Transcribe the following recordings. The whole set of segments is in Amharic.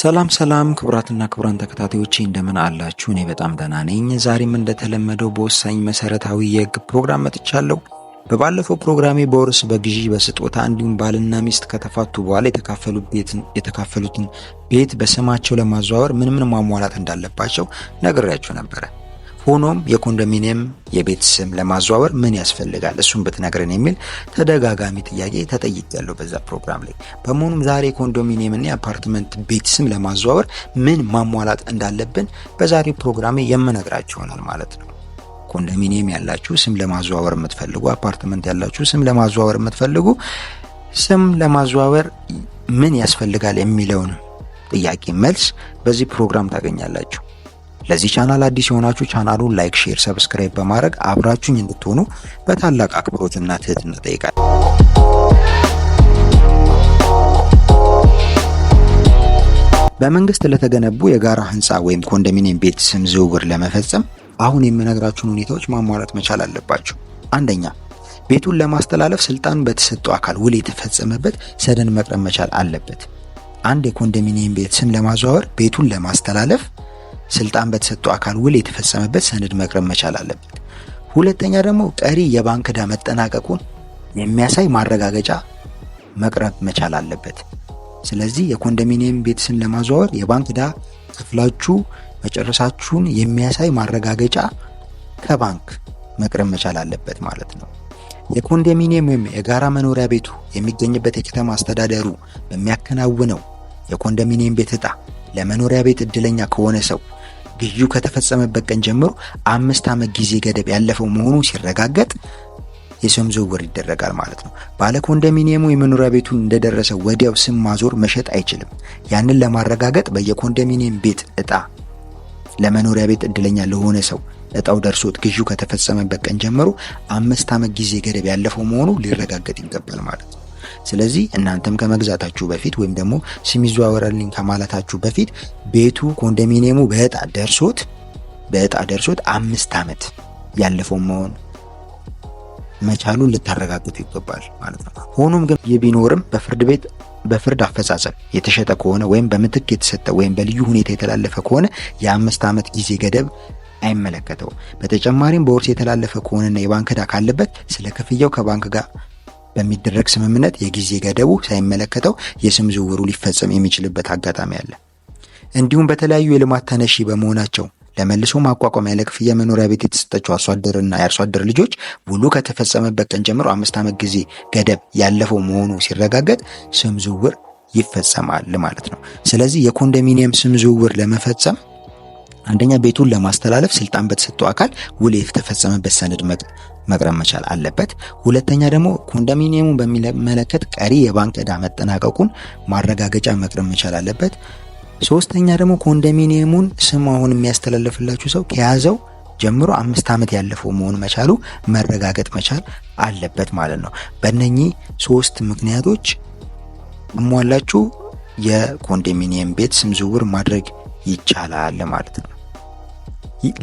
ሰላም ሰላም ክቡራትና ክቡራን ተከታታዮቼ እንደምን አላችሁ? እኔ በጣም ደህና ነኝ። ዛሬም እንደተለመደው በወሳኝ መሰረታዊ የህግ ፕሮግራም መጥቻለሁ። በባለፈው ፕሮግራሜ በውርስ፣ በግዢ፣ በስጦታ እንዲሁም ባልና ሚስት ከተፋቱ በኋላ የተካፈሉትን ቤት በስማቸው ለማዘዋወር ምን ምን ማሟላት እንዳለባቸው ነግሬያችሁ ነበረ። ሆኖም የኮንዶሚኒየም የቤት ስም ለማዘዋወር ምን ያስፈልጋል እሱን ብትነግረን የሚል ተደጋጋሚ ጥያቄ ተጠይቅ ያለው በዛ ፕሮግራም ላይ። በመሆኑም ዛሬ ኮንዶሚኒየምና የአፓርትመንት ቤት ስም ለማዘዋወር ምን ማሟላት እንዳለብን በዛሬው ፕሮግራም የምነግራችሁ ይሆናል ማለት ነው። ኮንዶሚኒየም ያላችሁ ስም ለማዘዋወር የምትፈልጉ፣ አፓርትመንት ያላችሁ ስም ለማዘዋወር የምትፈልጉ ስም ለማዘዋወር ምን ያስፈልጋል የሚለውን ጥያቄ መልስ በዚህ ፕሮግራም ታገኛላችሁ። ለዚህ ቻናል አዲስ የሆናችሁ ቻናሉን ላይክ፣ ሼር፣ ሰብስክራይብ በማድረግ አብራችሁኝ እንድትሆኑ በታላቅ አክብሮትና ትህትና ጠይቃል። በመንግስት ለተገነቡ የጋራ ህንፃ ወይም ኮንዶሚኒየም ቤት ስም ዝውውር ለመፈጸም አሁን የምነግራችሁን ሁኔታዎች ማሟላት መቻል አለባችሁ። አንደኛ ቤቱን ለማስተላለፍ ስልጣን በተሰጠው አካል ውል የተፈጸመበት ሰነድ መቅረብ መቻል አለበት። አንድ የኮንዶሚኒየም ቤት ስም ለማዘዋወር ቤቱን ለማስተላለፍ ስልጣን በተሰጠው አካል ውል የተፈጸመበት ሰነድ መቅረብ መቻል አለበት። ሁለተኛ ደግሞ ቀሪ የባንክ ዕዳ መጠናቀቁን የሚያሳይ ማረጋገጫ መቅረብ መቻል አለበት። ስለዚህ የኮንዶሚኒየም ቤትስን ለማዘዋወር የባንክ ዕዳ ክፍላችሁ መጨረሳችሁን የሚያሳይ ማረጋገጫ ከባንክ መቅረብ መቻል አለበት ማለት ነው። የኮንዶሚኒየም ወይም የጋራ መኖሪያ ቤቱ የሚገኝበት የከተማ አስተዳደሩ በሚያከናውነው የኮንዶሚኒየም ቤት ዕጣ ለመኖሪያ ቤት እድለኛ ከሆነ ሰው ግዢው ከተፈጸመበት ቀን ጀምሮ አምስት ዓመት ጊዜ ገደብ ያለፈው መሆኑ ሲረጋገጥ የስም ዝውውር ይደረጋል ማለት ነው። ባለ ኮንዶሚኒየሙ የመኖሪያ ቤቱን እንደደረሰ ወዲያው ስም ማዞር መሸጥ አይችልም። ያንን ለማረጋገጥ በየኮንዶሚኒየም ቤት እጣ ለመኖሪያ ቤት እድለኛ ለሆነ ሰው እጣው ደርሶት ግዢው ከተፈጸመበት ቀን ጀምሮ አምስት ዓመት ጊዜ ገደብ ያለፈው መሆኑ ሊረጋገጥ ይገባል ማለት ነው። ስለዚህ እናንተም ከመግዛታችሁ በፊት ወይም ደግሞ ስም ይዘዋወራልኝ ከማለታችሁ በፊት ቤቱ ኮንዶሚኒየሙ በእጣ ደርሶት በእጣ ደርሶት አምስት ዓመት ያለፈው መሆን መቻሉን ልታረጋግጡ ይገባል ማለት ነው። ሆኖም ግን ይህ ቢኖርም በፍርድ ቤት በፍርድ አፈጻጸም የተሸጠ ከሆነ ወይም በምትክ የተሰጠ ወይም በልዩ ሁኔታ የተላለፈ ከሆነ የአምስት ዓመት ጊዜ ገደብ አይመለከተው። በተጨማሪም በውርስ የተላለፈ ከሆነና የባንክ ዕዳ ካለበት ስለ ክፍያው ከባንክ ጋር በሚደረግ ስምምነት የጊዜ ገደቡ ሳይመለከተው የስም ዝውውሩ ሊፈጸም የሚችልበት አጋጣሚ አለ። እንዲሁም በተለያዩ የልማት ተነሺ በመሆናቸው ለመልሶ ማቋቋም ያለ ክፍያ መኖሪያ ቤት የተሰጠችው አርሶ አደርና የአርሶ አደር ልጆች ውሉ ከተፈጸመበት ቀን ጀምሮ አምስት ዓመት ጊዜ ገደብ ያለፈው መሆኑ ሲረጋገጥ ስም ዝውውር ይፈጸማል ማለት ነው። ስለዚህ የኮንዶሚኒየም ስም ዝውውር ለመፈጸም አንደኛ ቤቱን ለማስተላለፍ ስልጣን በተሰጠው አካል ውል የተፈጸመበት ሰነድ መቅረብ መቻል አለበት። ሁለተኛ ደግሞ ኮንዶሚኒየሙን በሚመለከት ቀሪ የባንክ ዕዳ መጠናቀቁን ማረጋገጫ መቅረብ መቻል አለበት። ሶስተኛ ደግሞ ኮንዶሚኒየሙን ስም አሁን የሚያስተላልፍላችሁ ሰው ከያዘው ጀምሮ አምስት ዓመት ያለፈው መሆን መቻሉ መረጋገጥ መቻል አለበት ማለት ነው። በእነኚህ ሶስት ምክንያቶች እሟላችሁ የኮንዶሚኒየም ቤት ስም ዝውውር ማድረግ ይቻላል ማለት ነው።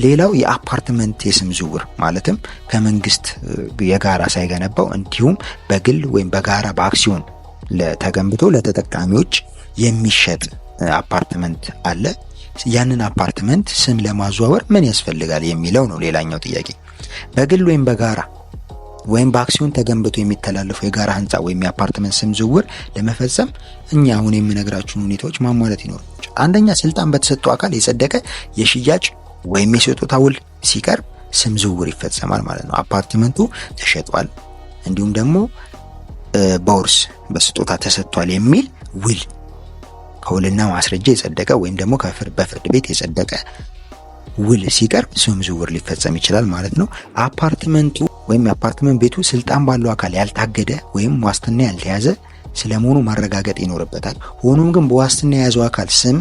ሌላው የአፓርትመንት የስም ዝውውር ማለትም ከመንግስት የጋራ ሳይገነባው እንዲሁም በግል ወይም በጋራ በአክሲዮን ተገንብቶ ለተጠቃሚዎች የሚሸጥ አፓርትመንት አለ። ያንን አፓርትመንት ስም ለማዘዋወር ምን ያስፈልጋል የሚለው ነው ሌላኛው ጥያቄ። በግል ወይም በጋራ ወይም በአክሲዮን ተገንብቶ የሚተላለፈው የጋራ ህንፃ ወይም የአፓርትመንት ስም ዝውውር ለመፈጸም እኛ አሁን የምነግራችሁን ሁኔታዎች ማሟላት ይኖራቸዋል። አንደኛ ስልጣን በተሰጠው አካል የጸደቀ የሽያጭ ወይም የስጦታ ውል ሲቀርብ ስም ዝውውር ይፈጸማል ማለት ነው። አፓርትመንቱ ተሸጧል፣ እንዲሁም ደግሞ በውርስ በስጦታ ተሰጥቷል የሚል ውል ከውልና ማስረጃ የጸደቀ ወይም ደግሞ በፍርድ ቤት የጸደቀ ውል ሲቀርብ ስም ዝውውር ሊፈጸም ይችላል ማለት ነው። አፓርትመንቱ ወይም የአፓርትመንት ቤቱ ስልጣን ባለው አካል ያልታገደ ወይም ዋስትና ያልተያዘ ስለመሆኑ ማረጋገጥ ይኖርበታል። ሆኖም ግን በዋስትና የያዘው አካል ስም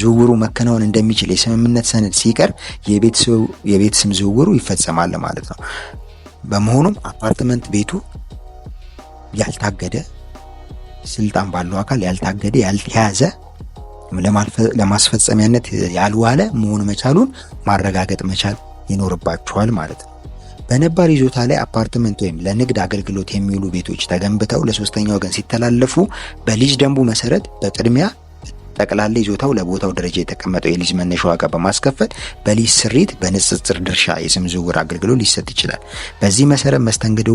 ዝውውሩ መከናወን እንደሚችል የስምምነት ሰነድ ሲቀርብ የቤት ስም ዝውውሩ ይፈጸማል ማለት ነው። በመሆኑም አፓርትመንት ቤቱ ያልታገደ ስልጣን ባለው አካል ያልታገደ ያልተያዘ ለማስፈጸሚያነት ያልዋለ መሆን መቻሉን ማረጋገጥ መቻል ይኖርባቸዋል ማለት ነው። በነባር ይዞታ ላይ አፓርትመንት ወይም ለንግድ አገልግሎት የሚውሉ ቤቶች ተገንብተው ለሶስተኛ ወገን ሲተላለፉ በሊዝ ደንቡ መሰረት በቅድሚያ ጠቅላላ ይዞታው ለቦታው ደረጃ የተቀመጠው የሊዝ መነሻ ዋጋ በማስከፈል በሊዝ ስሪት በንጽጽር ድርሻ የስም ዝውውር አገልግሎት ሊሰጥ ይችላል። በዚህ መሰረት መስተንግዶ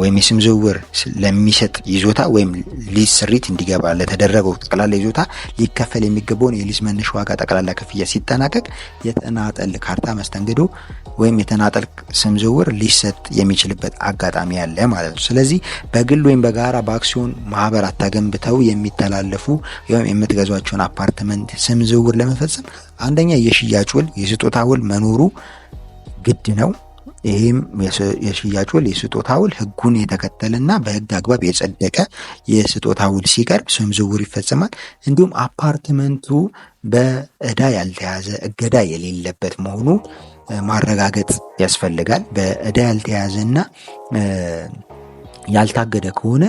ወይም የስም ዝውውር ለሚሰጥ ይዞታ ወይም ሊዝ ስሪት እንዲገባ ለተደረገው ጠቅላላ ይዞታ ሊከፈል የሚገባውን የሊዝ መነሻ ዋጋ ጠቅላላ ክፍያ ሲጠናቀቅ የተናጠል ካርታ መስተንግዶ ወይም የተናጠል ስም ዝውውር ሊሰጥ የሚችልበት አጋጣሚ ያለ ማለት ነው። ስለዚህ በግል ወይም በጋራ በአክሲዮን ማህበራት ተገንብተው የሚተላለፉ ወይም የምትገዟቸውን አፓርትመንት ስም ዝውውር ለመፈጸም አንደኛ የሽያጭ ውል፣ የስጦታ ውል መኖሩ ግድ ነው። ይህም የሽያጭ ውል የስጦታ ውል ህጉን የተከተለና በህግ አግባብ የጸደቀ የስጦታ ውል ሲቀርብ ስም ዝውውር ይፈጸማል። እንዲሁም አፓርትመንቱ በእዳ ያልተያዘ እገዳ የሌለበት መሆኑ ማረጋገጥ ያስፈልጋል። በእዳ ያልተያዘና ያልታገደ ከሆነ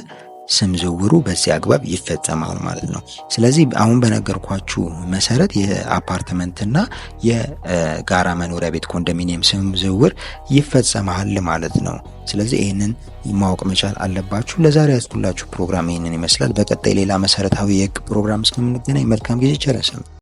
ስም ዝውውሩ በዚህ አግባብ ይፈጸማል ማለት ነው። ስለዚህ አሁን በነገርኳችሁ መሰረት የአፓርትመንትና የጋራ መኖሪያ ቤት ኮንዶሚኒየም ስም ዝውውር ይፈጸማል ማለት ነው። ስለዚህ ይህንን ማወቅ መቻል አለባችሁ። ለዛሬ ያዝኩላችሁ ፕሮግራም ይህንን ይመስላል። በቀጣይ ሌላ መሰረታዊ የህግ ፕሮግራም እስከምንገናኝ መልካም ጊዜ ቸረሰም